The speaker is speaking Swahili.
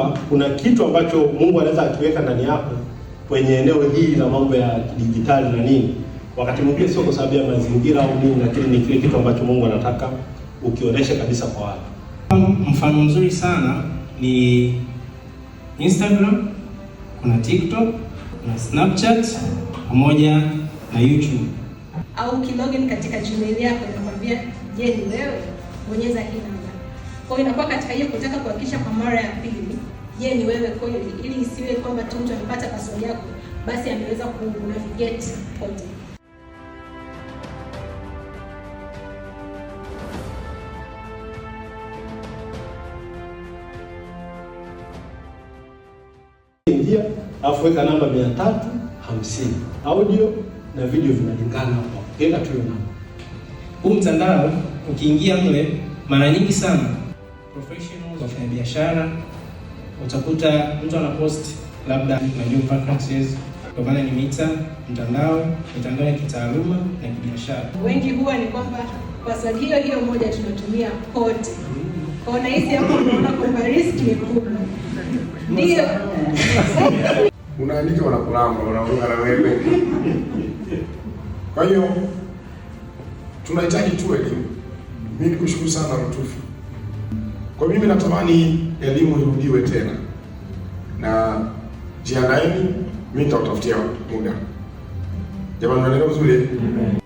kwamba kuna kitu ambacho Mungu anaweza akiweka ndani yako kwenye eneo hili la mambo ya kidijitali na nini, wakati mwingine sio kwa sababu ya mazingira au nini, lakini ni kile kitu ambacho Mungu anataka ukionyeshe kabisa kwa watu. Mfano mzuri sana ni Instagram, kuna TikTok, kuna Snapchat pamoja na YouTube. Au ukilogin katika Gmail yako inakwambia, je, ni wewe? Bonyeza hii namba. Kwa hiyo inakuwa katika hiyo kutaka kuhakikisha kwa mara ya pili, yeye ni wewe kweli, ili isiwe kwamba tu mtu amepata password yako basi ameweza ku navigate kote. Ingia afu weka namba mia tatu hamsini. Audio na video vinalingana hapo, enda tu namba. Huu mtandao ukiingia mle mara nyingi sana professionals, wafanyabiashara, utakuta mtu post labda, unajua vacancies kwa maana ni mita mtandao, mitandao ya kitaaluma na kibiashara. Wengi huwa ni kwamba password hiyo hiyo moja tunatumia kote, kwa na hizi hapo unaona kwamba risk ni kubwa, ndio unaandika wanakulamba, wanaonga na wewe. Kwa hiyo tunahitaji tu elimu. Mimi nikushukuru sana Rutufi. Kwa mimi natamani elimu irudiwe tena, na jiandaeni, mimi nitakutafutia muda. Jamani, naelewa vizuri?